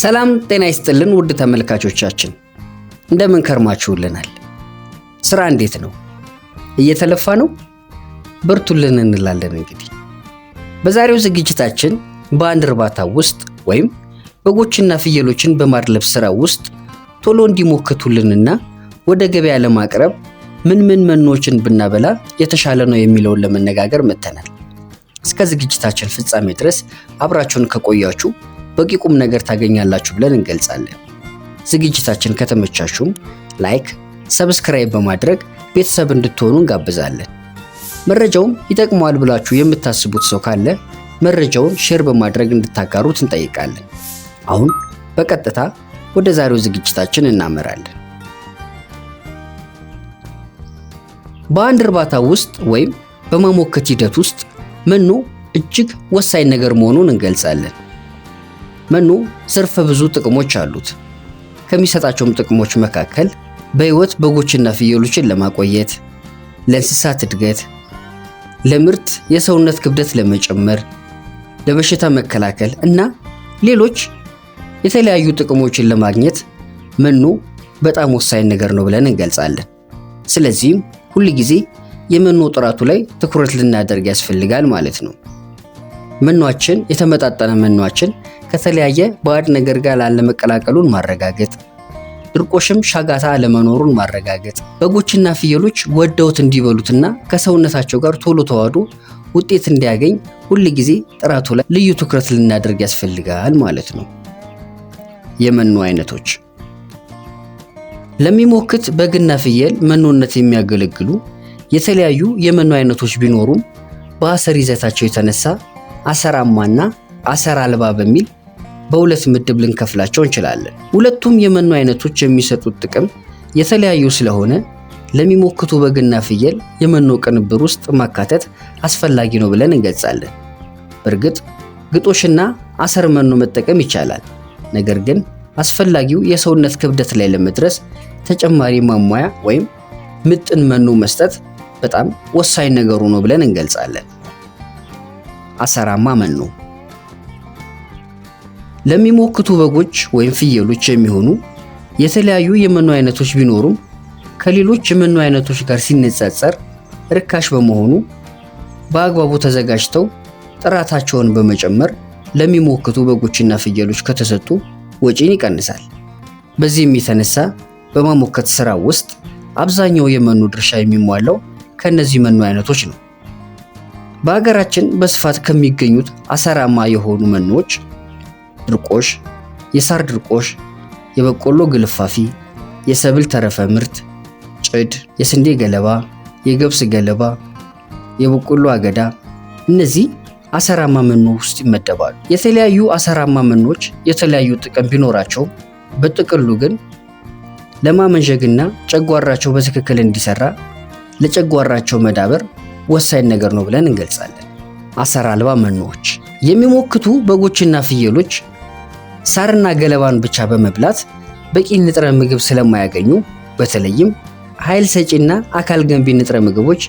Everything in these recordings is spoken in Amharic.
ሰላም ጤና ይስጥልን ውድ ተመልካቾቻችን፣ እንደምን ከርማችሁልናል? ስራ እንዴት ነው? እየተለፋ ነው? በርቱልን እንላለን። እንግዲህ በዛሬው ዝግጅታችን በአንድ እርባታ ውስጥ ወይም በጎችና ፍየሎችን በማድለብ ስራ ውስጥ ቶሎ እንዲሞክቱልንና ወደ ገበያ ለማቅረብ ምን ምን መኖችን ብናበላ የተሻለ ነው የሚለውን ለመነጋገር መጥተናል። እስከ ዝግጅታችን ፍጻሜ ድረስ አብራችሁን ከቆያችሁ በቂ ቁም ነገር ታገኛላችሁ ብለን እንገልጻለን። ዝግጅታችን ከተመቻችሁም ላይክ፣ ሰብስክራይብ በማድረግ ቤተሰብ እንድትሆኑ እንጋብዛለን። መረጃውም ይጠቅመዋል ብላችሁ የምታስቡት ሰው ካለ መረጃውን ሼር በማድረግ እንድታጋሩት እንጠይቃለን። አሁን በቀጥታ ወደ ዛሬው ዝግጅታችን እናመራለን። በአንድ እርባታ ውስጥ ወይም በማሞከት ሂደት ውስጥ መኖ እጅግ ወሳኝ ነገር መሆኑን እንገልጻለን። መኖ ዘርፈ ብዙ ጥቅሞች አሉት። ከሚሰጣቸውም ጥቅሞች መካከል በሕይወት በጎችና ፍየሎችን ለማቆየት፣ ለእንስሳት እድገት፣ ለምርት የሰውነት ክብደት ለመጨመር፣ ለበሽታ መከላከል እና ሌሎች የተለያዩ ጥቅሞችን ለማግኘት መኖ በጣም ወሳኝ ነገር ነው ብለን እንገልጻለን። ስለዚህም ሁል ጊዜ የመኖ ጥራቱ ላይ ትኩረት ልናደርግ ያስፈልጋል ማለት ነው። መኗችን የተመጣጠነ መኗችን ከተለያየ ባዕድ ነገር ጋር ላለመቀላቀሉን ማረጋገጥ፣ ድርቆሽም ሻጋታ አለመኖሩን ማረጋገጥ፣ በጎችና ፍየሎች ወደውት እንዲበሉትና ከሰውነታቸው ጋር ቶሎ ተዋህዶ ውጤት እንዲያገኝ ሁል ጊዜ ጥራቱ ላይ ልዩ ትኩረት ልናደርግ ያስፈልጋል ማለት ነው። የመኖ አይነቶች ለሚሞክት በግና ፍየል መኖነት የሚያገለግሉ የተለያዩ የመኖ አይነቶች ቢኖሩም በአሰር ይዘታቸው የተነሳ አሰራማና አሰር አልባ በሚል በሁለት ምድብ ልንከፍላቸው እንችላለን። ሁለቱም የመኖ አይነቶች የሚሰጡት ጥቅም የተለያዩ ስለሆነ ለሚሞክቱ በግና ፍየል የመኖ ቅንብር ውስጥ ማካተት አስፈላጊ ነው ብለን እንገልጻለን። በእርግጥ ግጦሽና አሰር መኖ መጠቀም ይቻላል። ነገር ግን አስፈላጊው የሰውነት ክብደት ላይ ለመድረስ ተጨማሪ ማሟያ ወይም ምጥን መኖ መስጠት በጣም ወሳኝ ነገሩ ነው ብለን እንገልጻለን። አሰራማ መኖ ለሚሞክቱ በጎች ወይም ፍየሎች የሚሆኑ የተለያዩ የመኖ አይነቶች ቢኖሩም ከሌሎች የመኖ አይነቶች ጋር ሲነጻጸር ርካሽ በመሆኑ በአግባቡ ተዘጋጅተው ጥራታቸውን በመጨመር ለሚሞክቱ በጎችና ፍየሎች ከተሰጡ ወጪን ይቀንሳል። በዚህም የተነሳ በማሞከት ሥራ ውስጥ አብዛኛው የመኖ ድርሻ የሚሟላው ከእነዚህ መኖ አይነቶች ነው። በሀገራችን በስፋት ከሚገኙት አሰራማ የሆኑ መኖዎች ድርቆሽ፣ የሳር ድርቆሽ፣ የበቆሎ ግልፋፊ፣ የሰብል ተረፈ ምርት፣ ጭድ፣ የስንዴ ገለባ፣ የገብስ ገለባ፣ የበቆሎ አገዳ እነዚህ አሰራማ መኖ ውስጥ ይመደባሉ። የተለያዩ አሰራማ መኖች የተለያዩ ጥቅም ቢኖራቸውም በጥቅሉ ግን ለማመንዠግና ጨጓራቸው በትክክል እንዲሰራ ለጨጓራቸው መዳበር ወሳኝ ነገር ነው ብለን እንገልጻለን። አሰር አልባ መኖዎች የሚሞክቱ በጎችና ፍየሎች ሳርና ገለባን ብቻ በመብላት በቂ ንጥረ ምግብ ስለማያገኙ በተለይም ኃይል ሰጪና አካል ገንቢ ንጥረ ምግቦች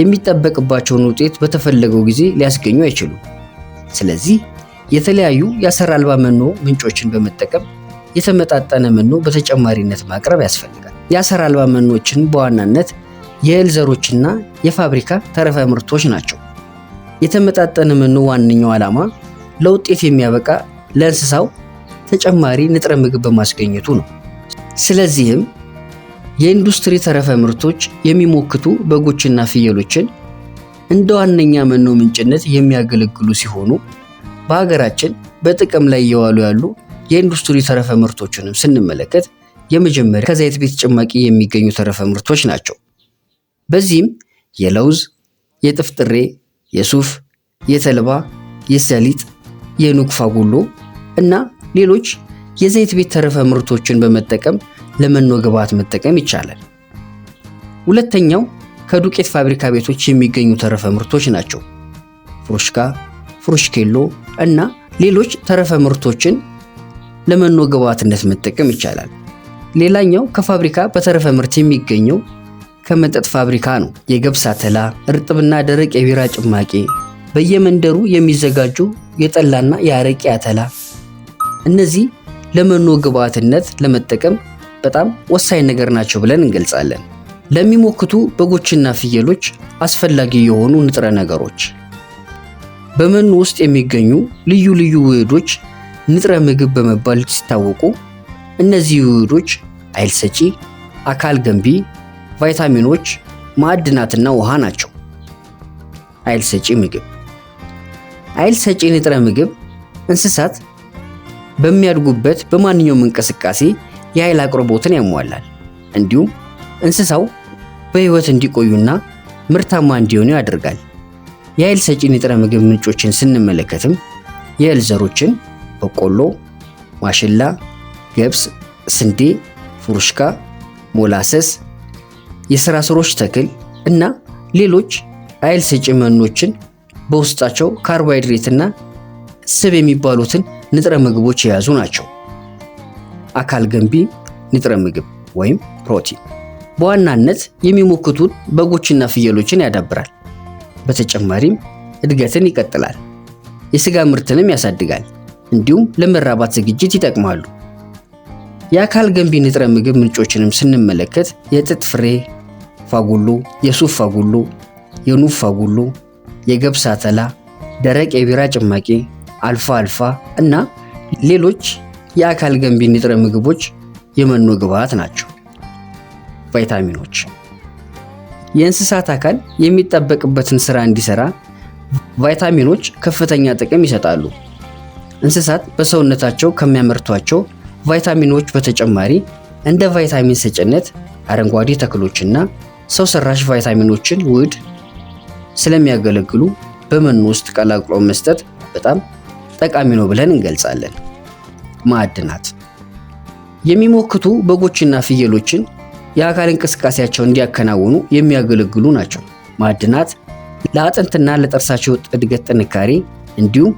የሚጠበቅባቸውን ውጤት በተፈለገው ጊዜ ሊያስገኙ አይችሉም። ስለዚህ የተለያዩ የአሰር አልባ መኖ ምንጮችን በመጠቀም የተመጣጠነ መኖ በተጨማሪነት ማቅረብ ያስፈልጋል። የአሰር አልባ መኖችን በዋናነት የእህል ዘሮችና የፋብሪካ ተረፈ ምርቶች ናቸው። የተመጣጠነ መኖ ዋነኛው ዓላማ ለውጤት የሚያበቃ ለእንስሳው ተጨማሪ ንጥረ ምግብ በማስገኘቱ ነው። ስለዚህም የኢንዱስትሪ ተረፈ ምርቶች የሚሞክቱ በጎችና ፍየሎችን እንደ ዋነኛ መኖ ምንጭነት የሚያገለግሉ ሲሆኑ በሀገራችን በጥቅም ላይ እየዋሉ ያሉ የኢንዱስትሪ ተረፈ ምርቶችንም ስንመለከት የመጀመሪያ ከዘይት ቤት ጭማቂ የሚገኙ ተረፈ ምርቶች ናቸው። በዚህም የለውዝ፣ የጥፍጥሬ፣ የሱፍ፣ የተልባ፣ የሰሊጥ፣ የኑግ ፋጉሎ እና ሌሎች የዘይት ቤት ተረፈ ምርቶችን በመጠቀም ለመኖ ግብዓት መጠቀም ይቻላል። ሁለተኛው ከዱቄት ፋብሪካ ቤቶች የሚገኙ ተረፈ ምርቶች ናቸው። ፍሩሽካ፣ ፍሩሽኬሎ እና ሌሎች ተረፈ ምርቶችን ለመኖ ግብዓትነት መጠቀም ይቻላል። ሌላኛው ከፋብሪካ በተረፈ ምርት የሚገኘው ከመጠጥ ፋብሪካ ነው። የገብስ አተላ፣ እርጥብና ደረቅ የቢራ ጭማቂ፣ በየመንደሩ የሚዘጋጁ የጠላና የአረቄ አተላ እነዚህ ለመኖ ግብዓትነት ለመጠቀም በጣም ወሳኝ ነገር ናቸው ብለን እንገልጻለን። ለሚሞክቱ በጎችና ፍየሎች አስፈላጊ የሆኑ ንጥረ ነገሮች በመኖ ውስጥ የሚገኙ ልዩ ልዩ ውህዶች ንጥረ ምግብ በመባል ሲታወቁ እነዚህ ውህዶች አይል ሰጪ፣ አካል ገንቢ፣ ቫይታሚኖች፣ ማዕድናትና ውሃ ናቸው። አይል ሰጪ ምግብ አይል ሰጪ ንጥረ ምግብ እንስሳት በሚያድጉበት በማንኛውም እንቅስቃሴ የኃይል አቅርቦትን ያሟላል። እንዲሁም እንስሳው በሕይወት እንዲቆዩና ምርታማ እንዲሆኑ ያደርጋል። የኃይል ሰጪ ንጥረ ምግብ ምንጮችን ስንመለከትም የእህል ዘሮችን በቆሎ፣ ማሽላ፣ ገብስ፣ ስንዴ፣ ፍሩሽካ፣ ሞላሰስ፣ የስራ ስሮች ተክል እና ሌሎች ኃይል ሰጪ መኖችን በውስጣቸው ካርቦሃይድሬትና ስብ የሚባሉትን ንጥረ ምግቦች የያዙ ናቸው። አካል ገንቢ ንጥረ ምግብ ወይም ፕሮቲን በዋናነት የሚሞክቱን በጎችና ፍየሎችን ያዳብራል። በተጨማሪም እድገትን ይቀጥላል፣ የስጋ ምርትንም ያሳድጋል፣ እንዲሁም ለመራባት ዝግጅት ይጠቅማሉ። የአካል ገንቢ ንጥረ ምግብ ምንጮችንም ስንመለከት የጥጥ ፍሬ ፋጉሎ፣ የሱፍ ፋጉሎ፣ የኑፍ ፋጉሎ፣ የገብስ አተላ፣ ደረቅ የቢራ ጭማቂ አልፋ አልፋ እና ሌሎች የአካል ገንቢ ንጥረ ምግቦች የመኖ ግብዓት ናቸው። ቫይታሚኖች የእንስሳት አካል የሚጠበቅበትን ስራ እንዲሰራ ቫይታሚኖች ከፍተኛ ጥቅም ይሰጣሉ። እንስሳት በሰውነታቸው ከሚያመርቷቸው ቫይታሚኖች በተጨማሪ እንደ ቫይታሚን ሰጭነት አረንጓዴ ተክሎችና ሰው ሰራሽ ቫይታሚኖችን ውህድ ስለሚያገለግሉ በመኖ ውስጥ ቀላቅሎ መስጠት በጣም ጠቃሚ ነው ብለን እንገልጻለን። ማዕድናት የሚሞክቱ በጎችና ፍየሎችን የአካል እንቅስቃሴያቸው እንዲያከናውኑ የሚያገለግሉ ናቸው። ማዕድናት ለአጥንትና ለጥርሳቸው እድገት ጥንካሬ እንዲሁም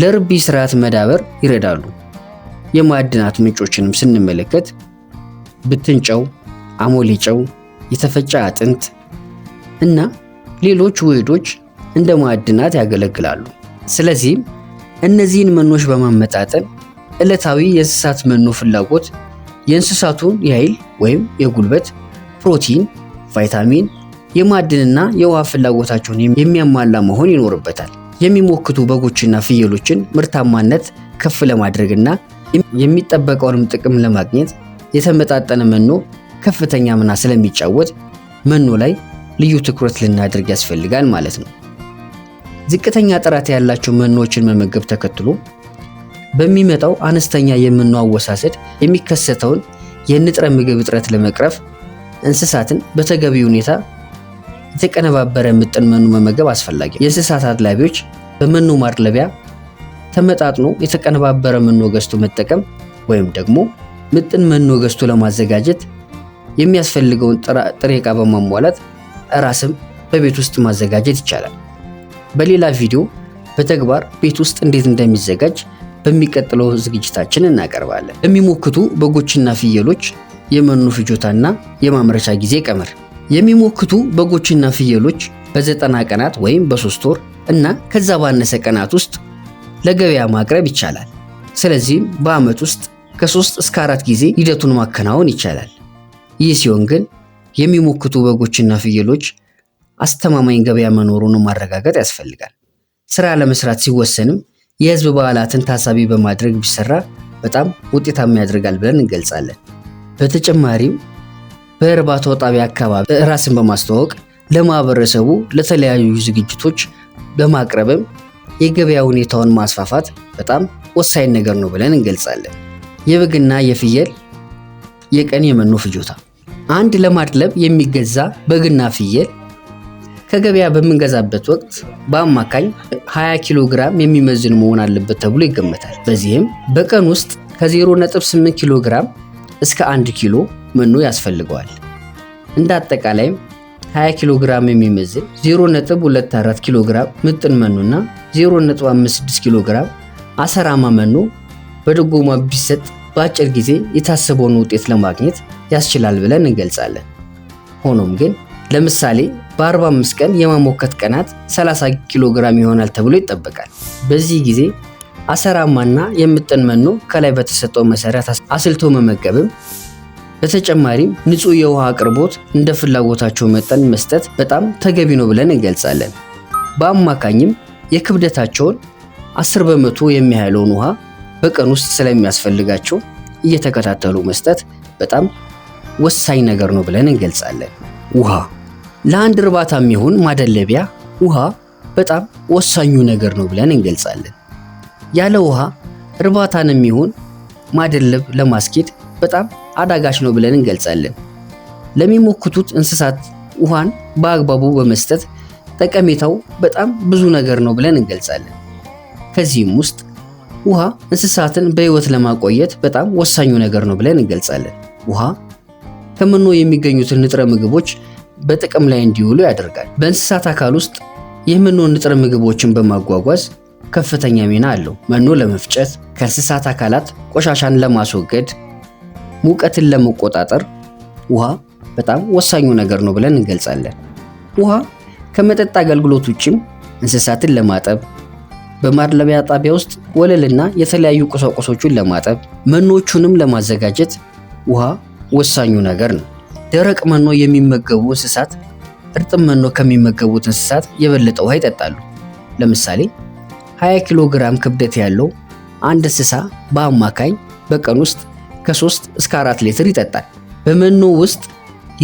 ለርቢ ስርዓት መዳበር ይረዳሉ። የማዕድናት ምንጮችንም ስንመለከት ብትንጨው ጨው፣ አሞሌ ጨው፣ የተፈጨ አጥንት እና ሌሎች ውህዶች እንደ ማዕድናት ያገለግላሉ። ስለዚህም እነዚህን መኖች በማመጣጠን ዕለታዊ የእንስሳት መኖ ፍላጎት፣ የእንስሳቱን የኃይል ወይም የጉልበት፣ ፕሮቲን፣ ቫይታሚን፣ የማዕድንና የውሃ ፍላጎታቸውን የሚያሟላ መሆን ይኖርበታል። የሚሞክቱ በጎችና ፍየሎችን ምርታማነት ከፍ ለማድረግና የሚጠበቀውንም ጥቅም ለማግኘት የተመጣጠነ መኖ ከፍተኛ ምና ስለሚጫወት መኖ ላይ ልዩ ትኩረት ልናደርግ ያስፈልጋል ማለት ነው። ዝቅተኛ ጥራት ያላቸው መኖዎችን መመገብ ተከትሎ በሚመጣው አነስተኛ የመኖ አወሳሰድ የሚከሰተውን የንጥረ ምግብ እጥረት ለመቅረፍ እንስሳትን በተገቢ ሁኔታ የተቀነባበረ ምጥን መኖ መመገብ አስፈላጊ ነው። የእንስሳት አድላቢዎች በመኖ ማድለቢያ ተመጣጥኖ የተቀነባበረ መኖ ገዝቶ መጠቀም ወይም ደግሞ ምጥን መኖ ገዝቶ ለማዘጋጀት የሚያስፈልገውን ጥሬ ዕቃ በማሟላት ራስም በቤት ውስጥ ማዘጋጀት ይቻላል። በሌላ ቪዲዮ በተግባር ቤት ውስጥ እንዴት እንደሚዘጋጅ በሚቀጥለው ዝግጅታችን እናቀርባለን። የሚሞክቱ በጎችና ፍየሎች የመኖ ፍጆታና የማምረቻ ጊዜ ቀመር። የሚሞክቱ በጎችና ፍየሎች በዘጠና ቀናት ወይም በሶስት ወር እና ከዛ ባነሰ ቀናት ውስጥ ለገበያ ማቅረብ ይቻላል። ስለዚህም በዓመት ውስጥ ከሶስት እስከ አራት ጊዜ ሂደቱን ማከናወን ይቻላል። ይህ ሲሆን ግን የሚሞክቱ በጎችና ፍየሎች አስተማማኝ ገበያ መኖሩን ማረጋገጥ ያስፈልጋል። ስራ ለመስራት ሲወሰንም የህዝብ በዓላትን ታሳቢ በማድረግ ቢሰራ በጣም ውጤታማ ያደርጋል ብለን እንገልጻለን። በተጨማሪም በእርባታው ጣቢያ አካባቢ ራስን በማስተዋወቅ ለማህበረሰቡ ለተለያዩ ዝግጅቶች በማቅረብም የገበያ ሁኔታውን ማስፋፋት በጣም ወሳኝ ነገር ነው ብለን እንገልጻለን። የበግና የፍየል የቀን የመኖ ፍጆታ አንድ ለማድለብ የሚገዛ በግና ፍየል ከገበያ በምንገዛበት ወቅት በአማካኝ 20 ኪሎ ግራም የሚመዝን መሆን አለበት ተብሎ ይገመታል። በዚህም በቀን ውስጥ ከ0.8 ኪሎ ግራም እስከ 1 ኪሎ መኖ ያስፈልገዋል። እንደ አጠቃላይም 20 ኪሎ ግራም የሚመዝን 0.24 ኪሎ ግራም ምጥን መኖና 0.56 ኪሎ ግራም አሰራማ መኖ በድጎማ ቢሰጥ በአጭር ጊዜ የታሰበውን ውጤት ለማግኘት ያስችላል ብለን እንገልጻለን። ሆኖም ግን ለምሳሌ በ45 ቀን የማሞከት ቀናት 30 ኪሎ ግራም ይሆናል ተብሎ ይጠበቃል። በዚህ ጊዜ አሰራማና የምጥን መኖ ከላይ በተሰጠው መሰረት አስልቶ መመገብም በተጨማሪም ንጹህ የውሃ አቅርቦት እንደ ፍላጎታቸው መጠን መስጠት በጣም ተገቢ ነው ብለን እንገልጻለን። በአማካኝም የክብደታቸውን 10 በመቶ የሚያህለውን ውሃ በቀን ውስጥ ስለሚያስፈልጋቸው እየተከታተሉ መስጠት በጣም ወሳኝ ነገር ነው ብለን እንገልጻለን። ውሃ ለአንድ እርባታ የሚሆን ማደለቢያ ውሃ በጣም ወሳኙ ነገር ነው ብለን እንገልጻለን። ያለ ውሃ እርባታን የሚሆን ማደለብ ለማስኬድ በጣም አዳጋች ነው ብለን እንገልጻለን። ለሚሞክቱት እንስሳት ውሃን በአግባቡ በመስጠት ጠቀሜታው በጣም ብዙ ነገር ነው ብለን እንገልጻለን። ከዚህም ውስጥ ውሃ እንስሳትን በሕይወት ለማቆየት በጣም ወሳኙ ነገር ነው ብለን እንገልጻለን። ውሃ ከመኖ የሚገኙትን ንጥረ ምግቦች በጥቅም ላይ እንዲውሉ ያደርጋል። በእንስሳት አካል ውስጥ የመኖ ንጥረ ምግቦችን በማጓጓዝ ከፍተኛ ሚና አለው። መኖ ለመፍጨት፣ ከእንስሳት አካላት ቆሻሻን ለማስወገድ፣ ሙቀትን ለመቆጣጠር ውሃ በጣም ወሳኙ ነገር ነው ብለን እንገልጻለን። ውሃ ከመጠጥ አገልግሎት ውጭም እንስሳትን ለማጠብ፣ በማድለቢያ ጣቢያ ውስጥ ወለልና የተለያዩ ቁሳቁሶችን ለማጠብ፣ መኖቹንም ለማዘጋጀት ውሃ ወሳኙ ነገር ነው። ደረቅ መኖ የሚመገቡ እንስሳት እርጥብ መኖ ከሚመገቡት እንስሳት የበለጠ ውሃ ይጠጣሉ። ለምሳሌ 20 ኪሎ ግራም ክብደት ያለው አንድ እንስሳ በአማካኝ በቀን ውስጥ ከ3 እስከ 4 ሊትር ይጠጣል። በመኖ ውስጥ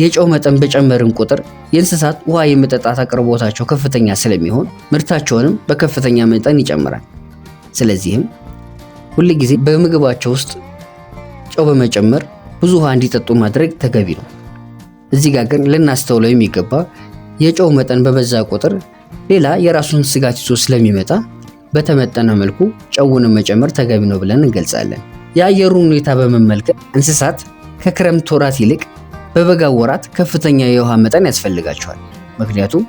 የጨው መጠን በጨመርን ቁጥር የእንስሳት ውሃ የመጠጣት አቅርቦታቸው ከፍተኛ ስለሚሆን ምርታቸውንም በከፍተኛ መጠን ይጨምራል። ስለዚህም ጊዜ በምግባቸው ውስጥ ጨው በመጨመር ብዙ ውሃ እንዲጠጡ ማድረግ ተገቢ ነው። እዚህ ጋር ግን ልናስተውለው የሚገባ የጨው መጠን በበዛ ቁጥር ሌላ የራሱን ስጋት ይዞ ስለሚመጣ በተመጠነ መልኩ ጨውን መጨመር ተገቢ ነው ብለን እንገልጻለን። የአየሩን ሁኔታ በመመልከት እንስሳት ከክረምት ወራት ይልቅ በበጋ ወራት ከፍተኛ የውሃ መጠን ያስፈልጋቸዋል። ምክንያቱም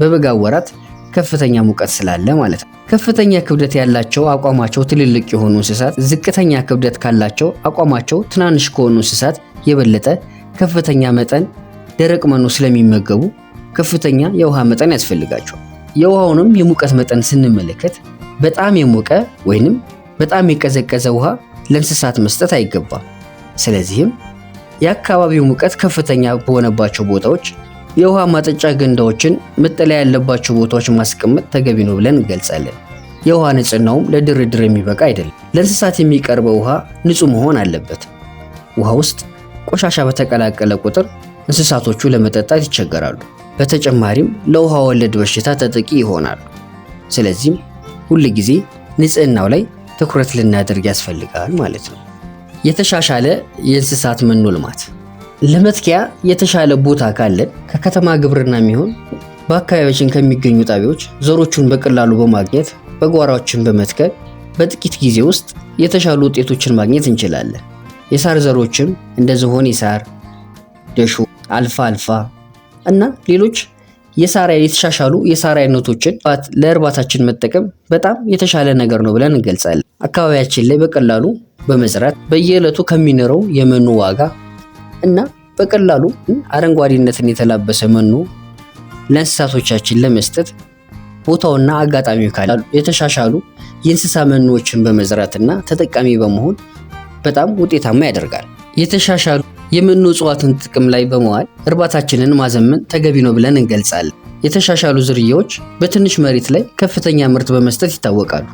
በበጋ ወራት ከፍተኛ ሙቀት ስላለ ማለት ነው። ከፍተኛ ክብደት ያላቸው አቋማቸው ትልልቅ የሆኑ እንስሳት ዝቅተኛ ክብደት ካላቸው አቋማቸው ትናንሽ ከሆኑ እንስሳት የበለጠ ከፍተኛ መጠን ደረቅ መኖ ስለሚመገቡ ከፍተኛ የውሃ መጠን ያስፈልጋቸዋል። የውሃውንም የሙቀት መጠን ስንመለከት በጣም የሞቀ ወይንም በጣም የቀዘቀዘ ውሃ ለእንስሳት መስጠት አይገባም። ስለዚህም የአካባቢው ሙቀት ከፍተኛ በሆነባቸው ቦታዎች የውሃ ማጠጫ ገንዳዎችን መጠለያ ያለባቸው ቦታዎች ማስቀመጥ ተገቢ ነው ብለን እንገልጻለን። የውሃ ንጽህናውም ለድርድር የሚበቃ አይደለም። ለእንስሳት የሚቀርበው ውሃ ንጹህ መሆን አለበት። ውሃ ውስጥ ቆሻሻ በተቀላቀለ ቁጥር እንስሳቶቹ ለመጠጣት ይቸገራሉ። በተጨማሪም ለውሃ ወለድ በሽታ ተጠቂ ይሆናሉ። ስለዚህም ሁል ጊዜ ንጽህናው ላይ ትኩረት ልናደርግ ያስፈልጋል ማለት ነው። የተሻሻለ የእንስሳት መኖ ልማት ለመትኪያ የተሻለ ቦታ ካለን ከከተማ ግብርና የሚሆን በአካባቢያችን ከሚገኙ ጣቢያዎች ዘሮቹን በቀላሉ በማግኘት በጓሯችን በመትከል በጥቂት ጊዜ ውስጥ የተሻሉ ውጤቶችን ማግኘት እንችላለን። የሳር ዘሮችም እንደ ዝሆን ሳር፣ ደሾ፣ አልፋ አልፋ እና ሌሎች የሳር የተሻሻሉ የሳር አይነቶችን ለእርባታችን መጠቀም በጣም የተሻለ ነገር ነው ብለን እንገልጻለን። አካባቢያችን ላይ በቀላሉ በመዝራት በየዕለቱ ከሚኖረው የመኖ ዋጋ እና በቀላሉ አረንጓዴነትን የተላበሰ መኖ ለእንስሳቶቻችን ለመስጠት ቦታውና አጋጣሚው ካለ የተሻሻሉ የእንስሳ መኖዎችን በመዝራትና ተጠቃሚ በመሆን በጣም ውጤታማ ያደርጋል። የተሻሻሉ የመኖ እጽዋትን ጥቅም ላይ በመዋል እርባታችንን ማዘመን ተገቢ ነው ብለን እንገልጻለን። የተሻሻሉ ዝርያዎች በትንሽ መሬት ላይ ከፍተኛ ምርት በመስጠት ይታወቃሉ።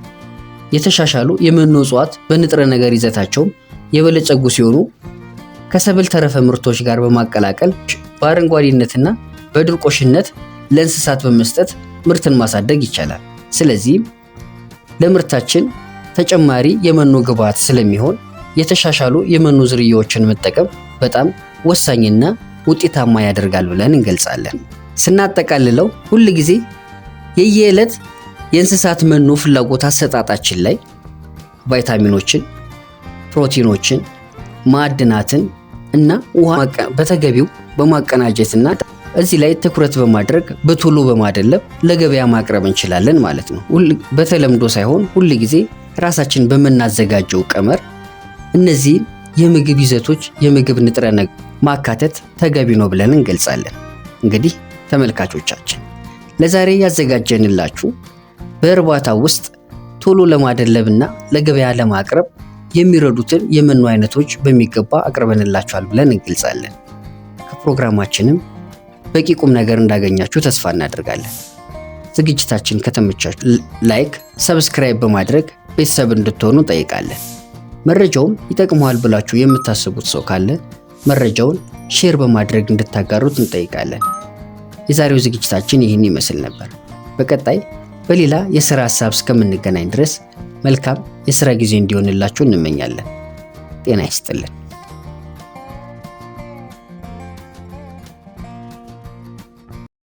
የተሻሻሉ የመኖ እጽዋት በንጥረ ነገር ይዘታቸውም የበለጸጉ ሲሆኑ ከሰብል ተረፈ ምርቶች ጋር በማቀላቀል በአረንጓዴነትና በድርቆሽነት ለእንስሳት በመስጠት ምርትን ማሳደግ ይቻላል። ስለዚህም ለምርታችን ተጨማሪ የመኖ ግብዓት ስለሚሆን የተሻሻሉ የመኖ ዝርያዎችን መጠቀም በጣም ወሳኝና ውጤታማ ያደርጋል ብለን እንገልጻለን። ስናጠቃልለው ሁል ጊዜ የየዕለት የእንስሳት መኖ ፍላጎት አሰጣጣችን ላይ ቫይታሚኖችን፣ ፕሮቲኖችን፣ ማዕድናትን እና ውሃ በተገቢው በማቀናጀትና እዚህ ላይ ትኩረት በማድረግ በቶሎ በማደለብ ለገበያ ማቅረብ እንችላለን ማለት ነው። በተለምዶ ሳይሆን ሁል ጊዜ ራሳችን በምናዘጋጀው ቀመር እነዚህ የምግብ ይዘቶች የምግብ ንጥረ ነገር ማካተት ተገቢ ነው ብለን እንገልጻለን። እንግዲህ ተመልካቾቻችን ለዛሬ ያዘጋጀንላችሁ በእርባታ ውስጥ ቶሎ ለማደለብና ለገበያ ለማቅረብ የሚረዱትን የመኖ አይነቶች በሚገባ አቅርበንላችኋል ብለን እንገልጻለን። ከፕሮግራማችንም በቂ ቁም ነገር እንዳገኛችሁ ተስፋ እናደርጋለን። ዝግጅታችን ከተመቻችሁ ላይክ፣ ሰብስክራይብ በማድረግ ቤተሰብ እንድትሆኑ እንጠይቃለን። መረጃውም ይጠቅመዋል ብላችሁ የምታስቡት ሰው ካለ መረጃውን ሼር በማድረግ እንድታጋሩት እንጠይቃለን። የዛሬው ዝግጅታችን ይህን ይመስል ነበር። በቀጣይ በሌላ የሥራ ሐሳብ እስከምንገናኝ ድረስ መልካም የሥራ ጊዜ እንዲሆንላችሁ እንመኛለን። ጤና ይስጥልን።